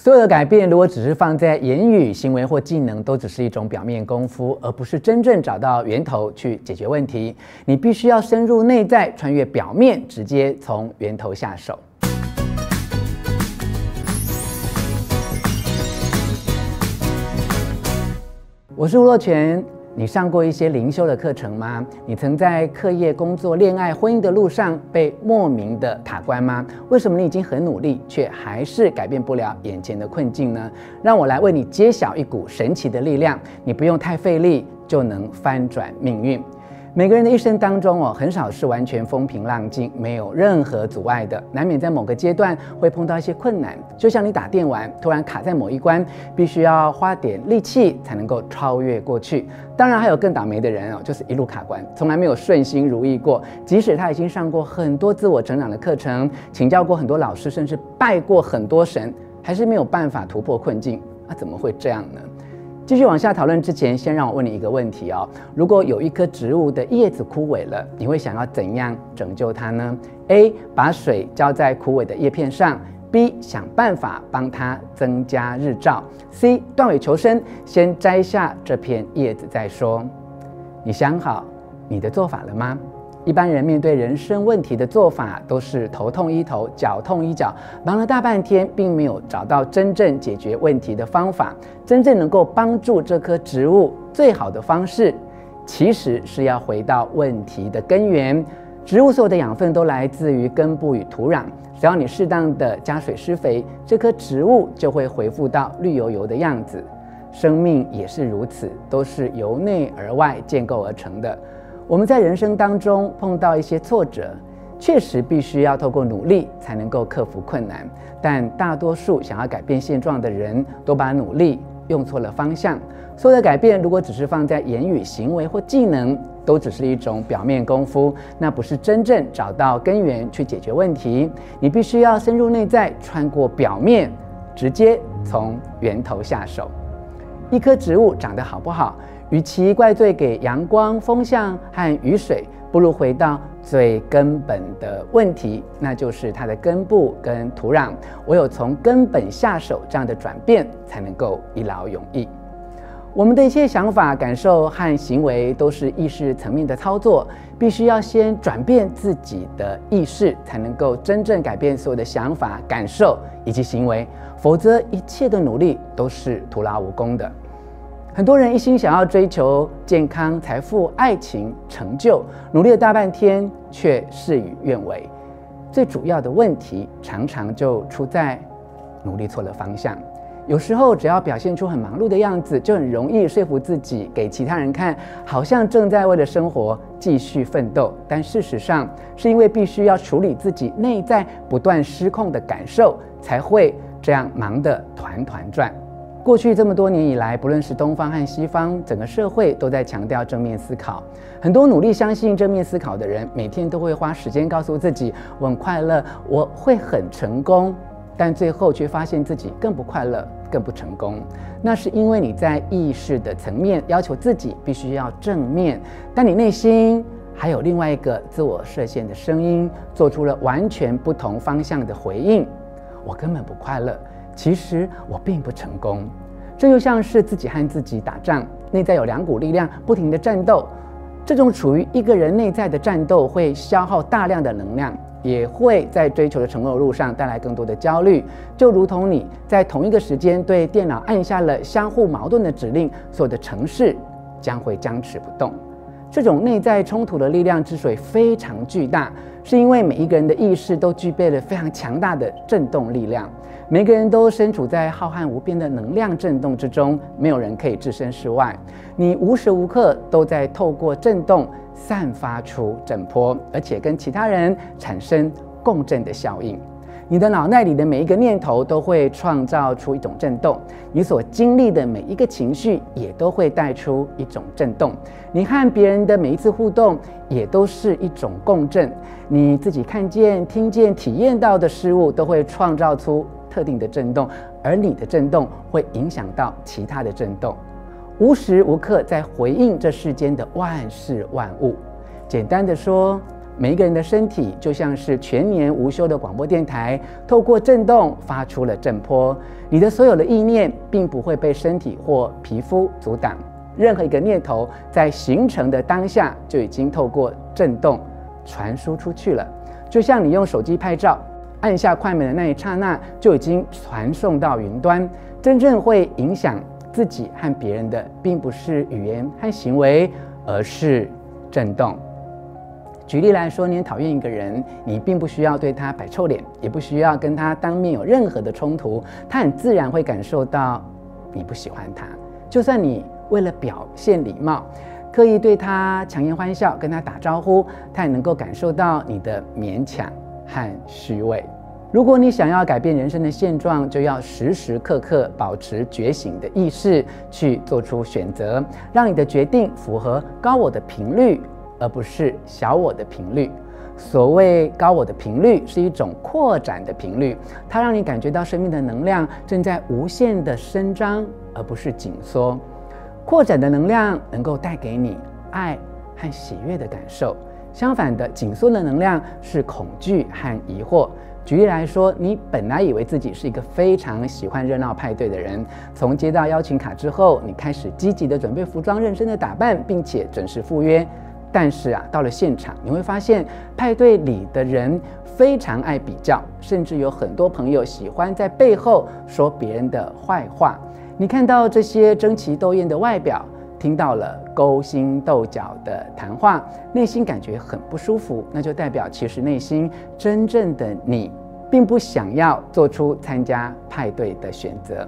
所有的改變，如果只是放在言語、行為或技能，都只是一種表面功夫，而不是真正找到源頭去解決問題。你必須要深入內在，穿越表面，直接從源頭下手。 我是吳若權。你上過一些靈修的課程嗎？你曾在課業、工作、戀愛、婚姻的路上被莫名的卡關嗎？為什麼你已經很努力，卻還是改變不了眼前的困境呢？讓我來為你揭曉一股神奇的力量，你不用太費力就能翻轉命運。每個人的一生當中哦，很少是完全風平浪靜、沒有任何阻礙的，難免在某個階段會碰到一些困難。就像你打電玩，突然卡在某一關，必須要花點力氣才能夠超越過去。當然，還有更倒霉的人哦，就是一路卡關，從來沒有順心如意過。即使他已經上過很多自我成長的課程，請教過很多老師，甚至拜過很多神，還是沒有辦法突破困境。啊怎麼會這樣呢？繼續往下討論之前，先讓我問你一個問題哦。如果有一棵植物的葉子枯萎了，你會想要怎樣拯救它呢？A. 把水澆在枯萎的葉片上；B. 想辦法幫它增加日照；C. 斷尾求生，先摘下這片葉子再說。你想好你的做法了嗎？一般人面對人生問題的做法，都是頭痛醫頭，腳痛醫腳，忙了大半天，並沒有找到真正解決問題的方法。真正能夠幫助這棵植物最好的方式，其實是要回到問題的根源。植物所有的養分都來自於根部與土壤，只要你適當的加水施肥，這棵植物就會恢復到綠油油的樣子。生命也是如此，都是由內而外建構而成的。我們在人生當中碰到一些挫折，確實必須要透過努力才能夠克服困難。但大多數想要改變現狀的人，都把努力用錯了方向。所有的改變，如果只是放在言語、行為或技能，都只是一種表面功夫，那不是真正找到根源去解決問題。你必須要深入內在，穿過表面，直接從源頭下手。一棵植物長得好不好，與其怪罪給陽光、風向和雨水，不如回到最根本的問題，那就是它的根部跟土壤。唯有從根本下手，這樣的轉變才能夠一勞永逸。我們的一切想法、感受和行為都是意識層面的操作，必須要先轉變自己的意識，才能夠真正改變所有的想法、感受以及行為，否則一切的努力都是徒勞無功的。很多人一心想要追求健康、財富、愛情、成就，努力了大半天卻事與願違，最主要的問題常常就出在努力錯了方向。有時候，只要表現出很忙碌的樣子，就很容易說服自己給其他人看，好像正在為了生活繼續奮鬥。但事實上，是因為必須要處理自己內在不斷失控的感受，才會這樣忙得團團轉。過去這麼多年以來，不論是東方和西方，整個社會都在強調正面思考。很多努力相信正面思考的人，每天都會花時間告訴自己，我很快樂，我會很成功。但最後卻發現自己更不快樂。更不成功，那是因為你在意識的層面要求自己必須要正面，但你內心還有另外一個自我設限的聲音，做出了完全不同方向的回應。我根本不快樂，其實我並不成功。這就像是自己和自己打仗，內在有兩股力量不停地戰鬥。這種處於一個人內在的戰鬥會消耗大量的能量。也會在追求的承諾路上帶來更多的焦慮，就如同你在同一個時間對電腦按下了相互矛盾的指令，所有的程式將會僵持不動。這種內在衝突的力量之所以非常巨大，是因為每一個人的意識都具備了非常強大的震動力量。每個人都身處在浩瀚無邊的能量震動之中，沒有人可以置身事外。你無時無刻都在透過震動散發出震波，而且跟其他人產生共振的效應。你的腦袋裡的每一個念頭都會創造出一種震動，你所經歷的每一個情緒也都會帶出一種震動，你和別人的每一次互動也都是一種共振。你自己看見、聽見、體驗到的事物都會創造出特定的震動，而你的震動會影響到其他的震動，無時無刻在回應這世間的萬事萬物。簡單的說。每一個人的身體就像是全年無休的廣播電台，透過震動發出了震波。你的所有的意念並不會被身體或皮膚阻擋，任何一個念頭在形成的當下就已經透過震動傳輸出去了。就像你用手機拍照，按下快門的那一剎那就已經傳送到雲端。真正會影響自己和別人的，並不是語言和行為，而是震動。舉例來說，你討厭一個人，你並不需要對他擺臭臉，也不需要跟他當面有任何的衝突，他很自然會感受到你不喜歡他。就算你為了表現禮貌，刻意對他強顏歡笑，跟他打招呼，他也能夠感受到你的勉強和虛偽。如果你想要改變人生的現狀，就要時時刻刻保持覺醒的意識，去做出選擇，讓你的決定符合高我的頻率。而不是小我的頻率。所謂高我的頻率是一種擴展的頻率，它讓你感覺到生命的能量正在無限的伸張，而不是緊縮。擴展的能量能夠帶給你愛和喜悅的感受。相反的，緊縮的能量是恐懼和疑惑。舉例來說，你本來以為自己是一個非常喜歡熱鬧派對的人，從接到邀請卡之後，你開始積極的準備服裝、認真的打扮，並且準時赴約。但是啊，到了現場，你會發現派對裡的人非常愛比較，甚至有很多朋友喜歡在背後說別人的壞話。你看到這些爭奇鬥豔的外表，聽到了勾心鬥角的談話，內心感覺很不舒服，那就代表其實內心真正的你，並不想要做出參加派對的選擇。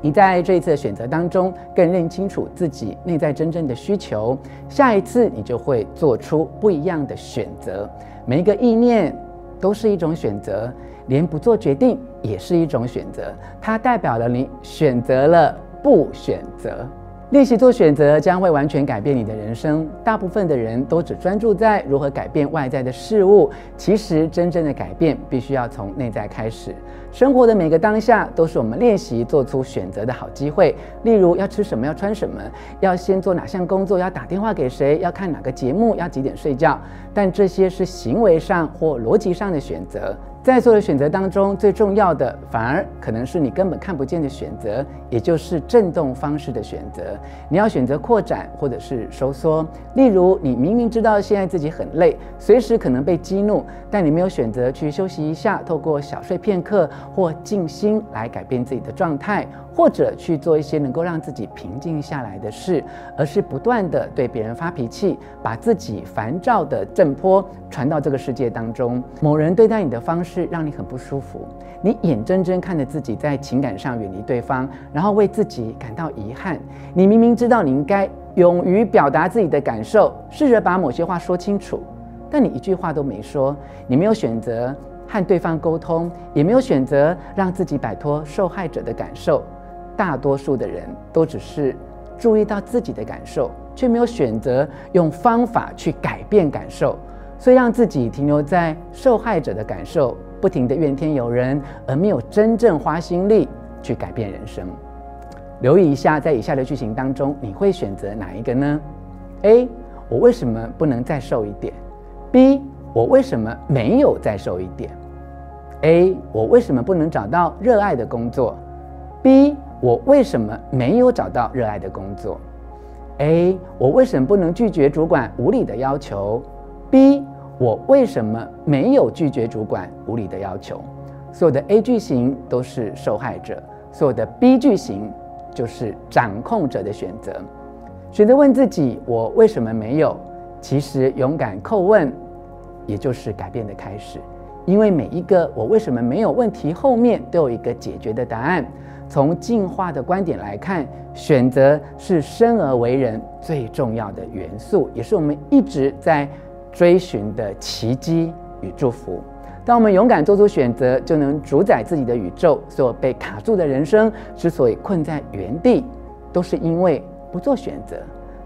你在這一次的選擇當中，更認清楚自己內在真正的需求，下一次你就會做出不一樣的選擇。每一個意念都是一種選擇，連不做決定也是一種選擇，它代表了你選擇了不選擇。練習做選擇將會完全改變你的人生。大部分的人都只專注在如何改變外在的事物，其實真正的改變必須要從內在開始。生活的每個當下都是我們練習做出選擇的好機會。例如，要吃什麼，要穿什麼，要先做哪項工作，要打電話給誰，要看哪個節目，要幾點睡覺。但這些是行為上或邏輯上的選擇。在做的選擇當中，最重要的反而可能是你根本看不見的選擇，也就是振動方式的選擇。你要選擇擴展或者是收縮。例如，你明明知道現在自己很累，隨時可能被激怒，但你沒有選擇去休息一下，透過小睡片刻。或靜心來改變自己的狀態，或者去做一些能夠讓自己平靜下來的事，而是不斷地對別人發脾氣，把自己煩躁的振波傳到這個世界當中。某人對待你的方式讓你很不舒服，你眼睜睜看着自己在情感上遠離對方，然後為自己感到遺憾。你明明知道你應該勇於表達自己的感受，試着把某些話說清楚，但你一句話都沒說，你沒有選擇。和對方溝通，也沒有選擇讓自己擺脫受害者的感受。大多數的人都只是注意到自己的感受，卻沒有選擇用方法去改變感受，所以讓自己停留在受害者的感受，不停地怨天尤人，而沒有真正花心力去改變人生。留意一下，在以下的劇情當中，你會選擇哪一個呢？A. 我為什麼不能再瘦一點？B. 我為什麼沒有再瘦一點？A，我為什麼不能找到熱愛的工作？B，我為什麼沒有找到熱愛的工作？A，我為什麼不能拒絕主管無理的要求？B，我為什麼沒有拒絕主管無理的要求？所有的 A 句型都是受害者，所有的 B 句型就是掌控者的選擇。選擇問自己：我為什麼沒有？其實勇敢叩問。也就是改變的開始，因為每一個我為什麼沒有問題，後面都有一個解決的答案。從進化的觀點來看，選擇是生而為人最重要的元素，也是我們一直在追尋的奇蹟與祝福。當我們勇敢做出選擇，就能主宰自己的宇宙。所有被卡住的人生之所以困在原地，都是因為不做選擇。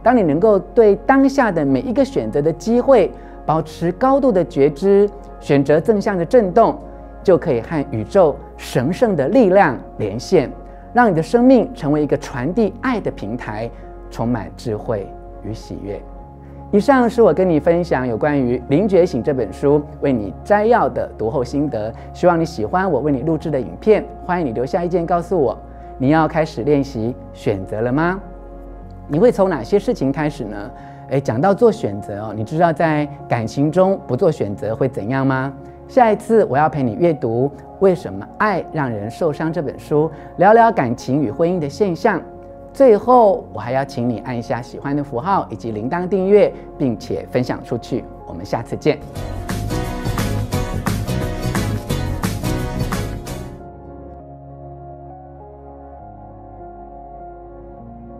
當你能夠對當下的每一個選擇的機會，保持高度的覺知，選擇正向的振動，就可以和宇宙神聖的力量連線，讓你的生命成為一個傳遞愛的平台，充滿智慧與喜悅。以上是我跟你分享有關於《靈覺醒》這本書為你摘要的讀後心得，希望你喜歡我為你錄製的影片。歡迎你留下意見告訴我，你要開始練習選擇了嗎？你會從哪些事情開始呢？誒，講到做選擇哦，你知道在感情中不做選擇會怎樣嗎？下一次我要陪你閱讀《為什麼愛讓人受傷》這本書，聊聊感情與婚姻的現象。最後，我還要請你按一下喜歡的符號以及鈴鐺訂閱，並且分享出去。我們下次見。